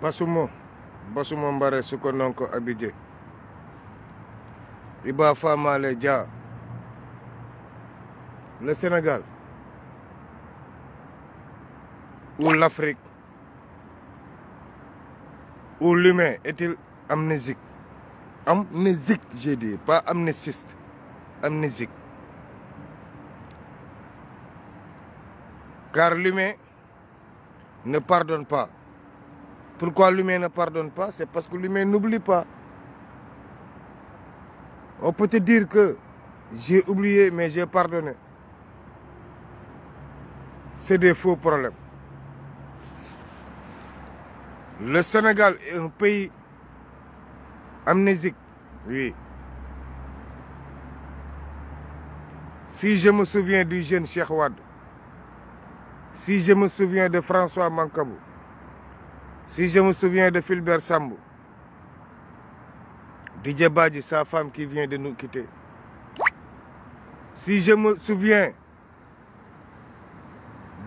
basumo basumo mbare suko nonko abidje iba famale dia le sénégal ou l'afrique ou l'humain est-il amnésique amnésique j'ai dit pas amnésiste amnésique car l'humain ne pardonne pas Pourquoi l'humain ne pardonne pas C'est parce que l'humain n'oublie pas. On peut te dire que j'ai oublié, mais j'ai pardonné. C'est des faux problèmes. Le Sénégal est un pays amnésique, oui. Si je me souviens du jeune Cheikh Wade, si je me souviens de François Mankabou, Si je me de Fulbert Sambou, Didier Badji, sa femme qui vien de nu quitter. Si je me souviens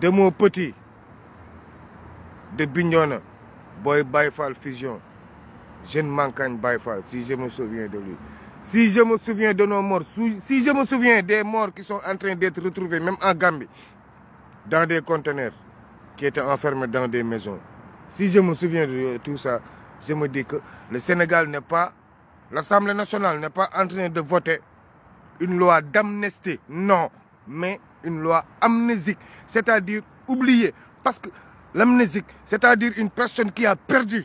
de mon petit, de Bignona, Boy Baifal Fusion, jeune mancagne Baifal, si je me souviens de lui. Si je me de nos morts, si je me souviens des morts qui sont en train d'être retrouvés, même en Gambie, dans des conteneurs qui étaient enfermés dans des maisons. Si je me souviens de euh, tout ça, je me dis que le Sénégal n'est pas, l'Assemblée nationale n'est pas en train de voter une loi d'amnistie, non, mais une loi amnésique, c'est-à-dire oubliée. Parce que l'amnésique, c'est-à-dire une personne qui a perdu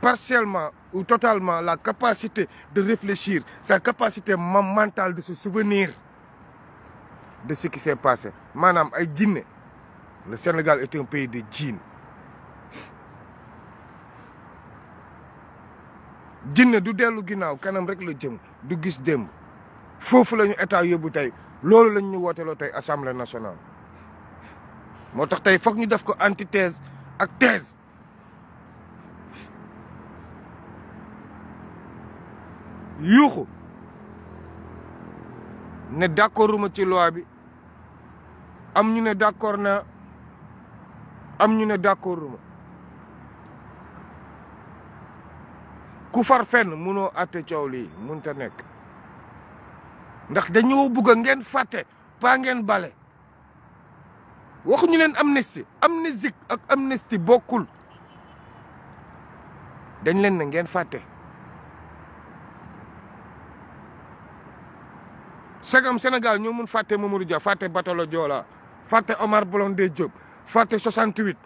partiellement ou totalement la capacité de réfléchir, sa capacité mentale de se souvenir de ce qui s'est passé. Madame, ay jinne Le Sénégal est un pays de djinn jinne du dellu ginnaaw kanam rek la jëm du gis démb foofu lañu ñu état yóbbu tey loolu lañ ñu wooteloo tey assemblée nationale moo tax tey foog ñu def ko antithèse ak thèse yuuxu ne d'accorduma ci loi bi am ñu ne d'accord na am ñu ne d'accord ma ku far fenn munoo àtte coow lii munta nekk ndax dañoo bëgg a ngeen fàtte paa ngeen bale waxuñu leen amnistie amnésique ak amnistie bokkul dañ leen na ngeen fàtte sagam senegal ñoo mun fàtte Mamadou Dia fàtte batolo Joola fàtte Omar de Diop fàtte 68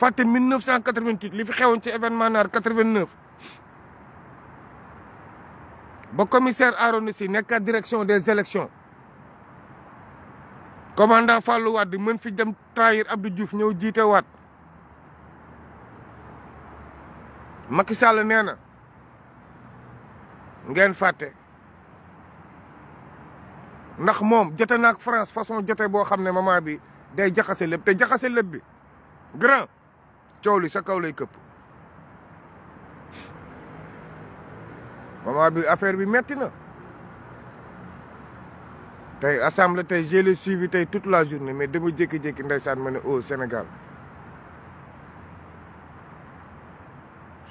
fàtte 1988 li fi xewoon ci événement naar 89 ba commissaire aronissi nekk à direction des élections commandant Fallou Wade mën fi dem trahir Abdou Diouf ñëw jiite wat Macky Sall ngeen fàtte ndax moom jote naak France façon jote boo xam ne maman bi day jaxase lépp te jaxase lépp bi grand coow li sa kaw lay këpp moment bi affaire bi metti na tey assemblée tey j'ai le suivi tey toute la journée mais dama jékki-jékki ndeysaan ma ne au Sénégal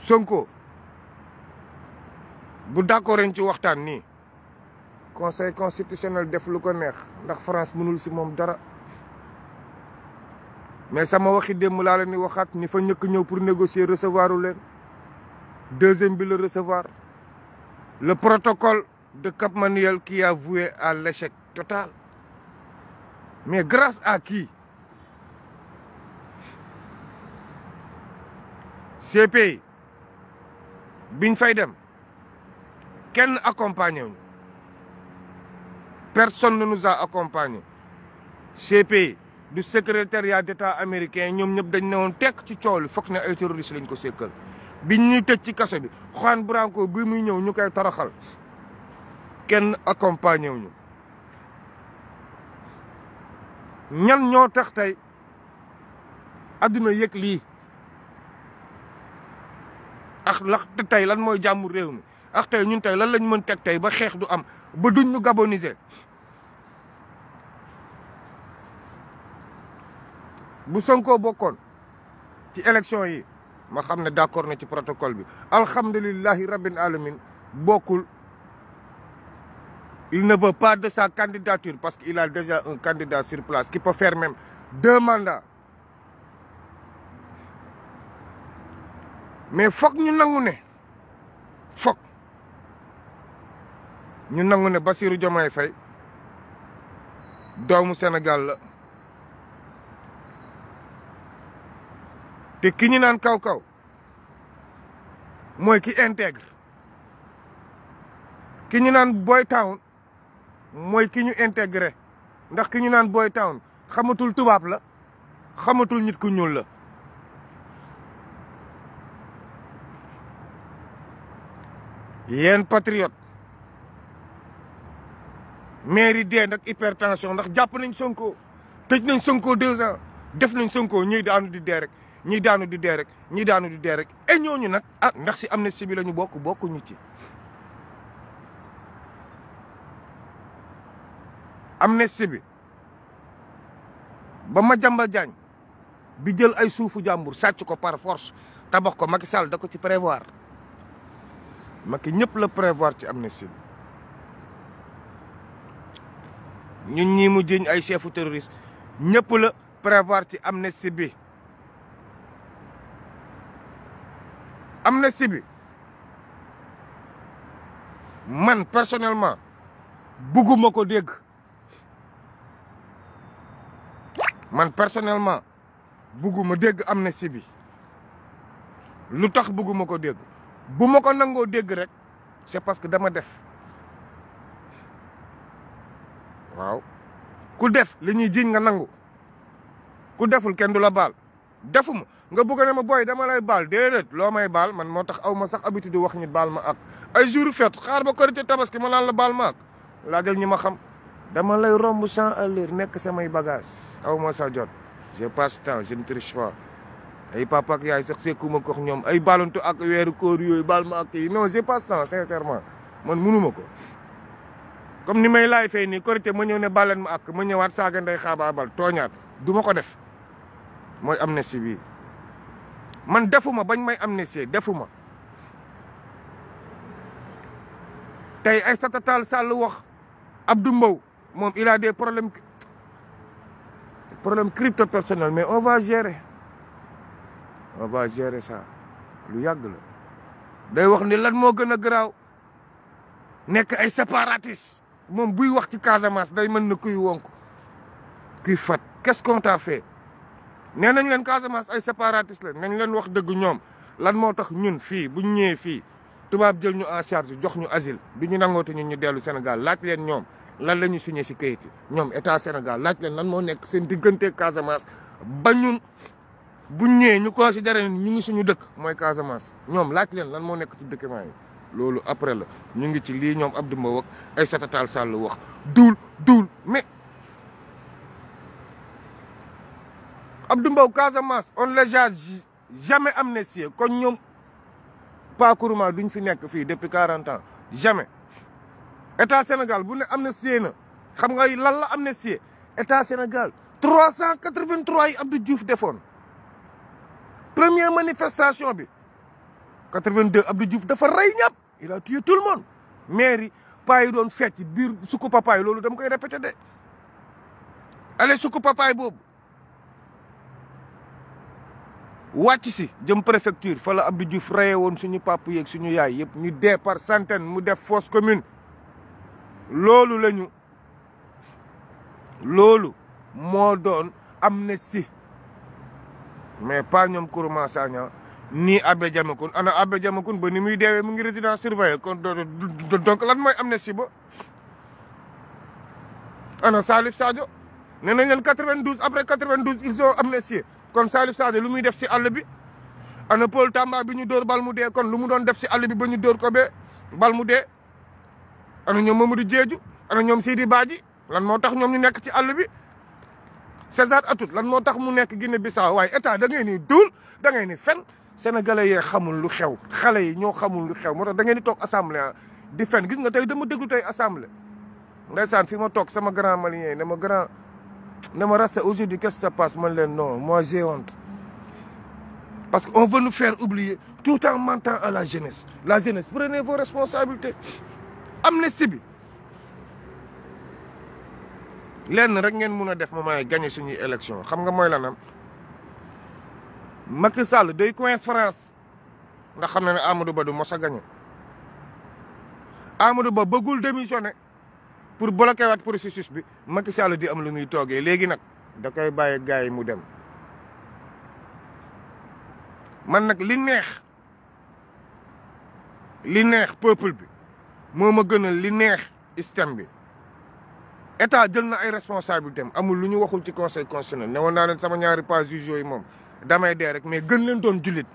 Sonko bu d'accord ci waxtaan nii conseil constitutionnel def lu ko neex ndax France mënul si moom dara mais sama waxi démb laa leen di waxaat ñi fa ñëkk ñëw pour négocier recevoiru leen deuxième bi recevoir le protocol de Cap Manuel qui a voué à l'échec total mais grâce à qui CPI biñ fay dem kenn accompagné wuñu personne ne nous a accompagné CPI du secrétariat d'État américain ñoom ñëpp dañ ne woon tekk ci coow li foog ne ay terroriste lañ ko sékkal biñ ñuy tëj ci kaso bi Juan Branco bi muy ñëw ñu koy taraxal kenn accompagné wu ñu. ñan ñoo tax tey adduna yëg lii ak lax tey lan mooy jàmmu réew mi ak tey ñun tey lan lañ mën teg tey ba xeex du am ba duñ ñu gabonisé bu Sonko bokkoon ci élection yi ma xam ne d'accord na ci protocole bi alhamdulillahi rabbil alamin bokkul il ne veut pas de sa candidature parce qu'il a déjà un candidat sur place qui peut faire même deux mandats mais foog ñu nangu ne foog ñu nangu ne Bassirou Diomaye Faye doomu Sénégal la te ki ñu naan kaw kaw mooy ki intègre ki ñu naan boy town mooy ki ñu intégré ndax ki ñu naan boy town xamatul tubaab la xamatul nit ku ñuul la. yenn patriote mairie dee nag hypertension ndax jàpp nañ Sonko tëj nañ Sonko deux ans def nañ Sonko ñuy daanu di dee rek. ñii daanu di dee rek ñii daanu di dee rek et ñooñu nag ah ndax si na sibi la ñu bokk bokkuñu ci. am na bi ba Madiambal Diagne bi jël ay suufu jàmbur sàcc ko par force tabax ko Macky Sall da ko ci prévoir Macky ñëpp la prévoir ci am na bi. ñun ñii mu jiñ ay chefu terroriste ñëpp la prévoir ci am na sibi am amnistie sibi man personnellement bugguma ko dégg man personnellement bugguma dégg amnistie sibi lu tax bugguma ko dégg bu ma ko nangoo dégg rek c'est parce que dama def waw ku def li ñuy jiiñ nga nangu ku deful kenn du la defuma nga bëgg ma booy dama lay baal déedéet loo may baal man moo tax aw ma sax habitude wax nit baal ma ak ay jour fête xaar ba korité tabaski ma naan la baal ma ak laajal ñi ma xam dama lay romb sans allure nekk samay bagage aw ma sa jot je passe temps je ne triche pas ay papa ak yaay sax sekkuma ko ñoom ay baalantu ak weeru koor yooyu baal ma ak yi non je passe temps sincèrement man munuma ko comme ni may laay fay nii korité ma ñëw ne baaleen ma ak ma ñëwaat saaga nday xaabaabal tooñaat du ko def mooy amnistie bi man defuma bañ may amnistie defuma tey ay Tall Sall wax Abdou mbaw moom il a des problèmes problème crypto personnel mais on va gérer on va lu yàgg la day wax ni lan moo gën a garaaw nekk ay séparatiste moom buy wax ci Casamance day mën na kuy wonk kuy fat qu'est-ce qu'on t'a fait nee nañ leen Casamance ay séparatiste la nañu leen wax dëgg ñoom lan moo tax ñun fii buñ ñëwee fii tubaab jël ñu en charge jox ñu asile du ñu nangoote ñun ñu dellu Sénégal laaj leen ñoom lan la ñu signé si kayit yi ñoom état Sénégal laaj leen lan moo nekk seen diggante Casamance ba ñun buñ ñëwee ñu considéré ñu ngi suñu dëkk mooy Casamance ñoom laaj leen lan moo nekk ci document yi. loolu après la ñu ngi ci lii ñoom ab Mbow ak ay satatal Sall wax duul duul Mbow Casamance on les a jamais amnistié kon ñoom Pa Kourouma duñ fi nekk fii depuis quarante ans jamais état Sénégal bu ne amnistié na xam nga lan la amnistié état Sénégal trois cent quatre-vingt-trois yi Abdou Diouf defoon première manifestation bi quatre-vingt-deux Abdou Diouf dafa rey ñëpp il a tout le monde maire yi paa yi doon fecc biir sukku papaay loolu dama koy répété de allez sukku papaay boobu wàcc si jëm préfecture fala la Abdou Diouf rayé woon suñu papa yeeg suñu yaay yëpp ñu dee par centaine mu def fosse commune loolu la ñu loolu moo doon amnistie mais pas ñoom Kourouma Sagna nii Abbé Diamecoune ana Abbé Diamecoune ba ni muy deewee mu ngi résidence surveillée kon donc lan mooy amnistie ba ana Salif Sadio nee nañ leen 92 après 92 ils ont amnistié kon Salif Sadio lu muy def si àll bi ana Paul Tamba bi ñu dóor bal mu dee kon lu mu doon def si àll bi ba ñu door ko be bal mu dee ana ñoom ma mu di Diédhiou ana ñoom Seydi Badji lan moo tax ñoom ñu nekk ci àll bi César Atoute lan moo tax mu nekk Guinée Bissau waaye état da ngay ni duul da ngay ni fen sénégalais yee xamul lu xew xale yi ñoo xamul lu xew moo tax da ngeen di toog assemblée ah, di fen gis nga tey dama déglu tey assemblée. Ndeysaan fi ma toog sama grand malien ne ma grand ne ma reste aujourd'hui qu'est-ce qui se passe man leen non moi j'ai honte parce qu'on veut nous faire oublier tout temps en mentant à la jeunesse la jeunesse prenez vos responsabilités amnistie sibi lenn rek ngeen mun a def ma maay gagné suñuy élection xam nga mooy lanam Macky Sall day coince France ndax xam na ne Amadou Ba du mos a gagné Amadou Ba bëggul démissionner pour bloquer waat processus bi Macky Sall di am lu muy toogee léegi nag da koy bàyyi gars yi mu dem man nag li neex li neex peuple bi moo ma gënal li neex système bi état jël na ay responsabilités am amul lu ñu waxul ci conseil constitutionnel ne woon sama ñaari pas juge yi moom damay dee rek mais gën leen doon jullit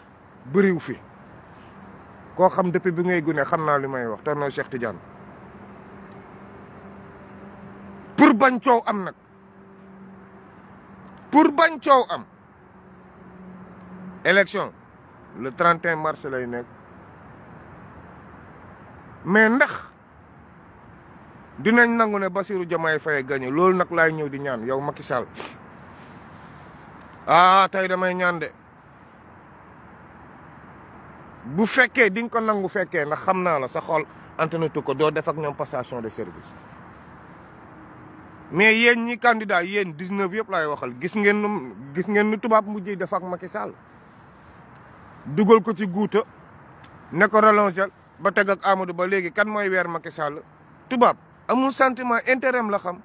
bëriw fi koo xam depuis bi ngay gune xam naa li may wax tax na Cheikh Tidiane pour bañ coow am nag pour bañ coow am élection le 31 mars lay nekk mais ndax dinañ nangu ne Bassirou Diomaye fay gagné loolu nag laay ñëw di ñaan yow Macky ah tey damay ñaan de bu fekkee di nga ko nangu fekkee ndax xam naa la sa xol antenne tu ko doo def ak ñoom passation de service mais yéen ñi candidat yéen 19 yëpp laay waxal gis ngeen nu gis ngeen nu tubaab mujjee def ak Macky Sall dugal ko ci guuta ne ko ba teg ak Amadou Ba léegi kan mooy weer Macky Sall tubaab amul sentiment intérêt la xam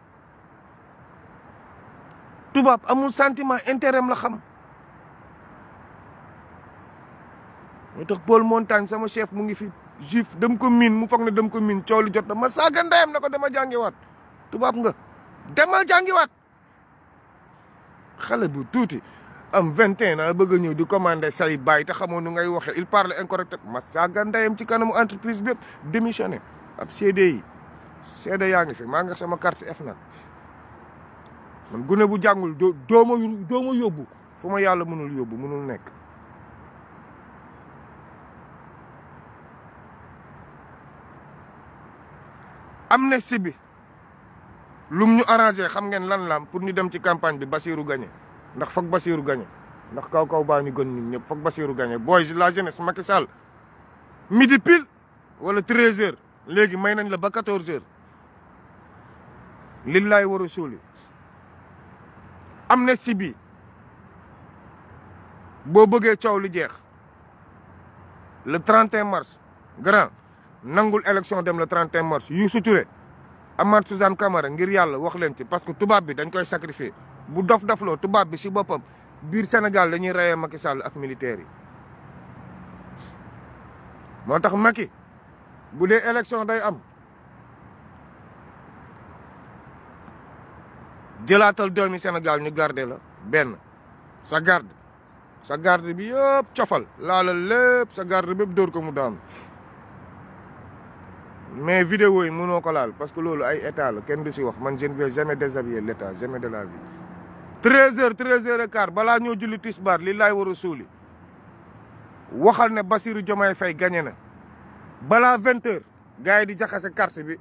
tubaab amul sentiment intérêt la xam moo tax Paul Montagne sama chef mu ngi fi juif dem ko miin mu foog ne dem ko miin coow li jot na ma saaga ndeyam na ko dama jàngiwaat tubaab nga demal jàngiwaat xale bu tuuti am 21 ans bëgg a ñëw di commander say baay te xamoon nu ngay waxee il parle incorrect ma saaga ndeyam ci kanamu entreprise bépp démissionné ab CDI CDI yaa ngi fi maa ngi sama carte F man gune bu jàngul doo doo yóbbu foo ma yàlla mënul yóbbu mënul nekk. am amnistie bi. lum ñu arrangé xam ngeen lan laam pour ñu dem ci campagne bi Bassirou gagné ndax foog Bassirou gagné ndax kaw kaw baa ñu gën ñu ñëpp foog Bassirou gagné booy la jeunesse Macky Sall midi pile wala 13h léegi may nañ la ba 14h lillaay war a suuli amnistie bi boo bëggee coow li jeex le 31 mars grand nangul élection dem le 31 mars Youssou suture Amath Suzanne Camara ngir yàlla wax leen ci parce que tubaab bi dañ koy sacrifier bu dof dofloo tubaab bi si boppam biir Sénégal dañuy reyee Macky Sall ak militaires yi. moo tax Macky bu dee élection day am jëlaatal doomi Sénégal ñu garde la benn sa garde sa garde bi yëpp cofal laala lépp sa garde bépp dóor ko mu daanu. mais vidéo yi mënoo ko laal parce que loolu ay état la kenn du si wax man je ne vais jamais déshabiller l' état jamais de la vie. 13h 13h15 balaa ñoo julli tisbaar li laay war a suuli waxal ne Bassirou Diomaye fay gagné na balaa 20h gars yi di jaxase carte bi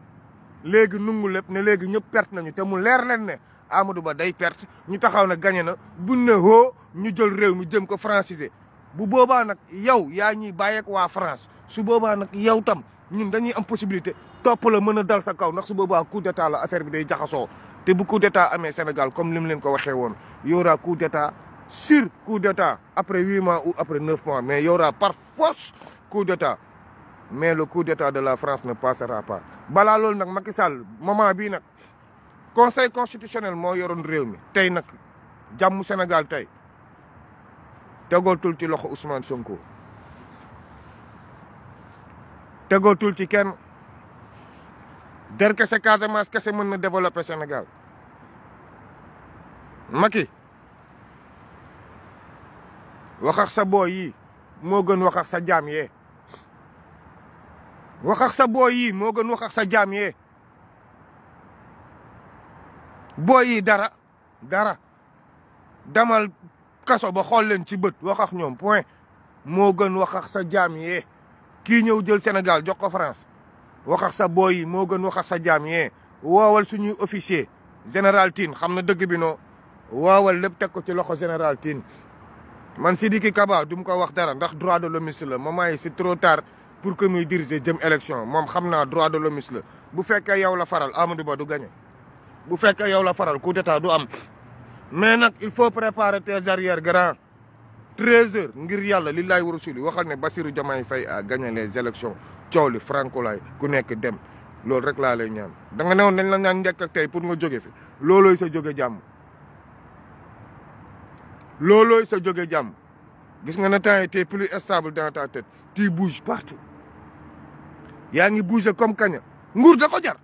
léegi nungu lépp ne léegi ñëpp perte nañu te mu leer leen ne Amadou Ba day perte ñu taxaw ne gagné na buñ ne hoo ñu jël réew mi jëm ko franciser bu boobaa nag yow yaa ñuy bàyyeek waa France su boobaa nag yow tam. ñun dañuy am possibilité topp la mën a dal sa kaw ndax su boobaa coup d'état la affaire bi day jaxasoo te bu coup d'état amee Sénégal comme li mu leen ko waxee woon y aura coup d'état sur coup d'état après huit mois ou après neuf mois mais y aura par force coup d'état mais le coup d'état de la France ne passera pas balaa loolu nag Macky Sall moment bii nag conseil constitutionnel moo yoroon réew mi tey nag jàmm Sénégal tey tegootul ci loxo Ousmane Sonko. tegootul ci kenn der kese Casamance kese mën na développer Sénégal maki wax sa booy yi moo gën wax ak sa jaam yee wax sa booy yi moo gën wax ak sa jaam yee booy yi dara dara damal kaso ba xool leen ci bët wax ak ñoom point moo gën wax ak sa jaam yee kii ñëw jël Sénégal jox ko France wax ak sa booy moo gën wax sa jaam yee woowal suñuy officier général tin xam na dëgg bi noo waawal lépp teg ko ci loxo général tin man si Sidiki Kaba du mu ko wax dara ndax droit de l'homme la moment yi c'est trop tard pour que muy diriger jëm élection moom xam naa droit de l'homme la bu fekkee yow la faral Amadou Ba du gagné bu fekkee yow la faral coup d'état du am mais nag il faut préparer tes arrières grand treize heures ngir yàlla li laay war a suuli waxal ne Bassirou Diomaye Faye a gagné les élections coow li Franco laay ku nekk dem loolu rek laa lay ñaan da nga newoon nañ la ñaan njëkk ak tey pour nga jóge fi loolooy sa jóge jàmm loolooy sa jóge jàmm gis nga ne temps yi t'es plus stable dans ta tête tu bouges partout yaa ngi bouger comme kaña nguur da ko jar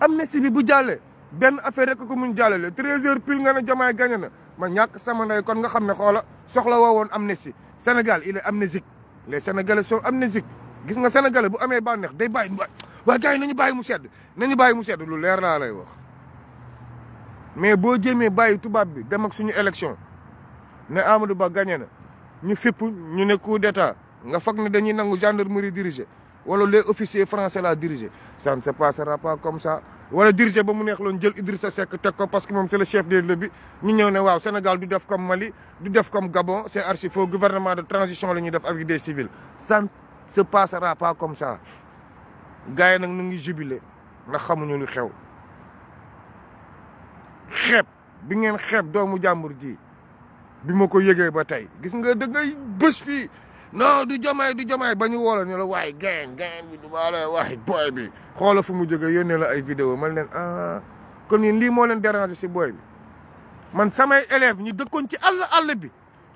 amnistie bi bu jàllee benn affaire rek ko mun jàllale treize heures pile nga ne Diomaye gagné na ma ñàkk sama ndey kon nga xam ne xoola soxla woo woon amnistie Sénégal il est amnésique les soo sont amnésiques gis nga Sénégalais bu amee bànneex day bàyyi mu waaye gars yi nañu bàyyi mu sedd ñu bàyyi mu sedd lu leer laa lay wax mais boo jéemee bàyyi tubaab bi dem ak suñu élection ne Amadou Ba gagné na ñu fipp ñu ne coup nga foog ne dañuy nangu gendarmerie dirigé wala les officiers français la diriger ça se passera pas comme ça wala diriger ba mu neex loon jël Idrissa Seck teg ko parce que moom c'est le chef de lobby ñu ñëw ne waaw Sénégal du def comme Mali du def comme Gabon c'est archi faux gouvernement de transition la ñuy def avec des civils ça ne se passera pas comme ça gars yi nag ñu ngi jubilé ndax xamuñu lu xew xeeb bi ngeen xeeb doomu jàmbur ji bi ma ko yëgee ba tey gis nga da ngay bés fii non du jomaay du jomaay ba ñu woola ne waaye gain gain bi du baa la waaye booy bi xoola fu mu jógee yónnee la ay vidéo man leen ah kon yéen lii moo leen déranger si booy bi man samay élève ñu dëkkoon ci àll àll bi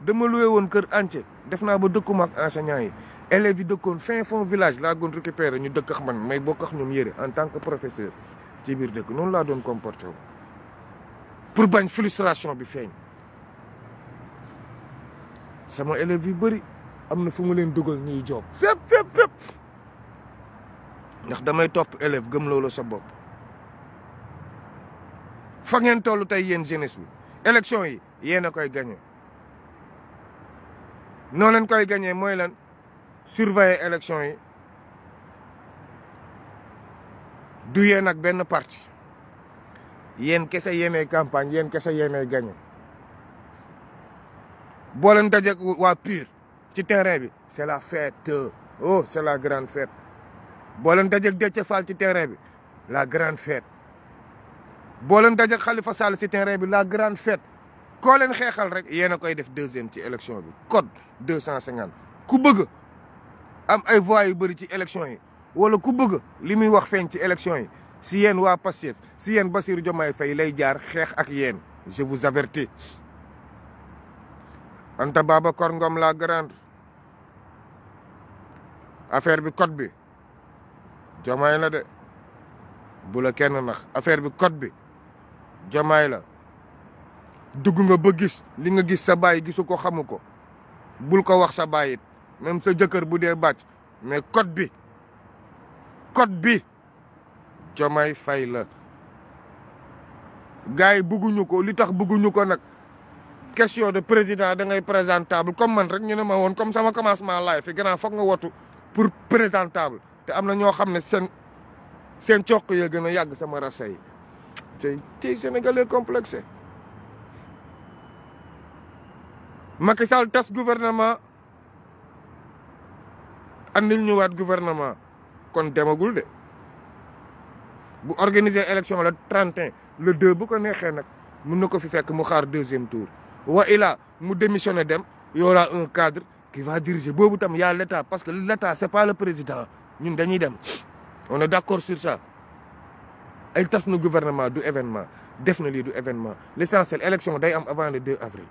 dama loué woon kër entier def naa ba dëkkuma ak enseignants yi élèves yi dëkkoon fin fond village laa goon récupéré ñu dëkk ak man may bokk ak ñoom yëre en tant que professeur ci biir dëkk noonu laa doon comporté wu pour bañ frustration bi feeñ sama élèves yu bëri am na fu mu leen dugal ñuy joob fépp ndax damay topp élève gëm sa bopp fa ngeen toll tey yéen jeunesse bi élection yi yéen a koy gagné noo leen koy gagné mooy lan surveiller élection yi du yéen ak benn parti yéen kese yéenay campagne yéen kese yéenay gagné boo leen dajeeg waa piir ci terrain bi c'est la fête o oh, c'est la grande fête boo leen dajeeg Déthié Fall ci terrain bi la grande fête boo leen dajeeg Khalifa Sall ci terrain bi la grande fête koo leen xeexal rek yéen a koy def deuxième ci élection bi code deux cent cinquante ku bëgg am ay voix yu bëri ci élection yi wala ku bëgg li muy wax feeñ ci élection yi si yéen waa Pastef si yéen Bassirou Diomaye fay lay jaar xeex ak yéen je vous avertis Anta Babacar Ngom la grande affaire bi code bi jomaay la de bu kenn nax affaire bi code bi jomaay la dugg nga ba gis li nga gis sa baay gisu ko xamu ko bul ko wax sa baay it sa jëkkër bu dee bàcc mais code bi code bi jomaay fay la gars yi bëgguñu ko li tax bëgguñu ko nag question de président da ngay présentable comme man rek ñu ne ma woon comme sama commencement laay fi gannaaw foog nga wotu pour présentable te am na ñoo xam ne seen seen cokk yee gën a yàgg sama rase te tey tey sénégalais complexé Macky Sall tas gouvernement andil ñu waat gouvernement kon demagul de bu organiser élection la 31 le deux bu ko neexee nag mën na ko fi fekk mu xaar deuxième tour wa ila mu démissionné dem y un cadre qui va diriger boobu tam y a l'état parce que l'état c'est pas le président ñun dañuy dem on est d'accord sur ça ay tas na gouvernement du événement def na lii du événement l'essentiel élection day am avant le 2 avril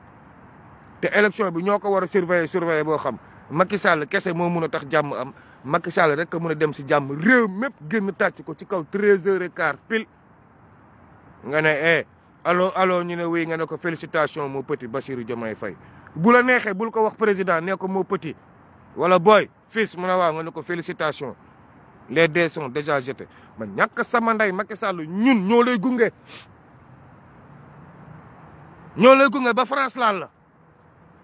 te élection bi ñoo ko war a surveiller surveiller boo xam Macky Sall kese moo mun a tax jàmm am Macky Sall rek a mun a dem si jàmm réew mépp génn tàcc ko ci kaw 13 heures et quart pile nga ne eh, alo alo ñu ne wéy nga ne ko félicitation moo petit Bassirou Diomaye fay bu la neexee bul ko wax président nee ko moo petit wala boy fils mu ne waaw nga ne ko félicitation les dés sont déjà jetés ma ñàkk sama nday Macky Sall ñun ñoo lay gunge ñoo lay gunge ba France laal la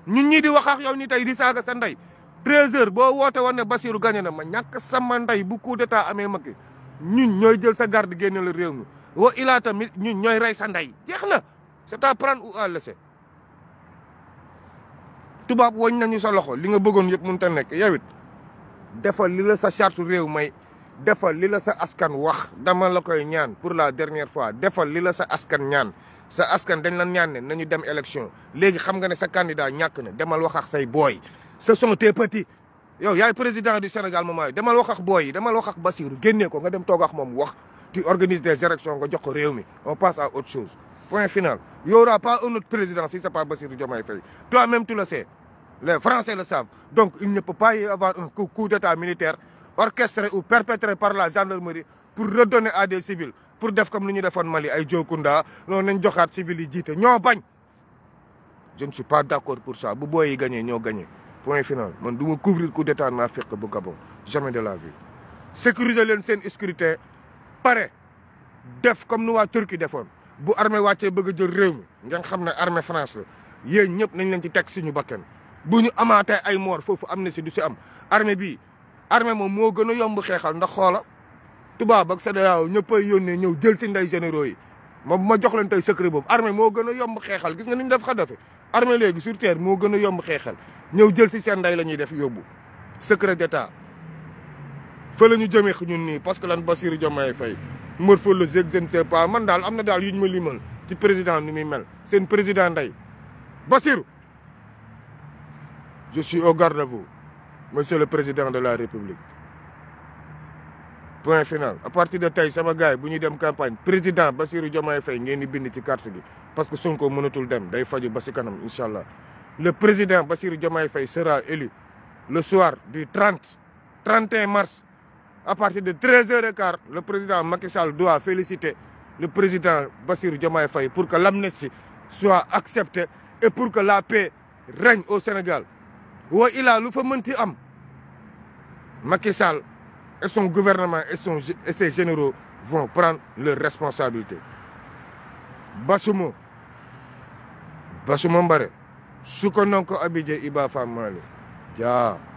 ñun ñii di wax ak yow ni tey di saaga sa ndey 13 boo woote woon ne Bassirou gagné na ma ñàkk sama ndey bu coup d'état amee Macky ñun ñooy jël sa garde génne la réew mi wa ilaa tamit ñu ñooy rey sa ndey jeex na c'est à prendre ou à laisser tubaab wañ nañu sa loxo li nga bëggoon yëpp mënut ta nekk yow it defal li la sa charte réew may defal li la sa askan wax dama la koy ñaan pour la dernière fois defal li la sa askan ñaan sa askan dañ la ñaan ne nañu dem élection léegi xam nga ne sa candidat ñàkk ne demal wax ak say booy sa sont te petits yow yaay président du Sénégal moom demal wax ak booy yi demal wax bassir Bassirou génnee ko nga dem toog ak moom wax tu organises des élections nga jox ko réew mi on passe à autre chose point final y aura pas un autre président si c'est pas Bassirou Diomaye Faye toi-même tu le sais les Français le savent donc il ne peut pas y avoir coup d'état militaire orchestré ou perpétré par la gendarmerie pour redonner à des civils pour def comme li ñu defoon Mali ay Jokundaa noonu nañ joxaat civils yi jiite je ne suis pas d'accord pour ça bu booy yi gagné ñoo point final man du ma couvrir pare def comme nu waa Turquie defoon bu armee wàccee bëgg a jël réew mi ngeen xam ne armée France la yéen ñëpp nañ leen ci teg suñu bakken bu ñu amaatee ay moor foofu am na si du si am armée bi armée moom moo gën a yomb xeexal ndax xoola tubaab ak CEDEAO ñëpp ay yónnee ñëw jël si ndey généraux yi moom ma jox leen tey secret boobu armée moo gën a yomb xeexal gis nga ni ñu def Kadhafi armée léegi sur moo gën a yomb xeexal ñëw jël si seen ndey la ñuy def yóbbu secret d'état fa ñu jëmee ñu nii parce que lan Bassirou Diomaye Faye morphologie je ne sais man daal am na daal yu ñu ma limal ci président ni muy mel seen président ndey Bassirou je suis au garde à vous monsieur le président de la république point final à partir de tey sama gars yi bu ñuy dem campagne président Bassirou Diomaye fay ngeen di bind ci carte bi parce que Sonko mënatul dem day faju ba si kanam incha allah le président Bassirou Diomaye fay sera élu le soir du 30 31 mars à partir de 13h15, le président Macky Sall doit féliciter le président bassir Diomaye fay pour que l'amnistie soit acceptée et pour que la paix règne au Sénégal. Wa ila lu fa mënti am Macky et son gouvernement et, son, et ses généraux vont prendre leurs responsabilités. Basumo, Basumo Mbare, Sukononko Abidje Iba Famali, Jaa.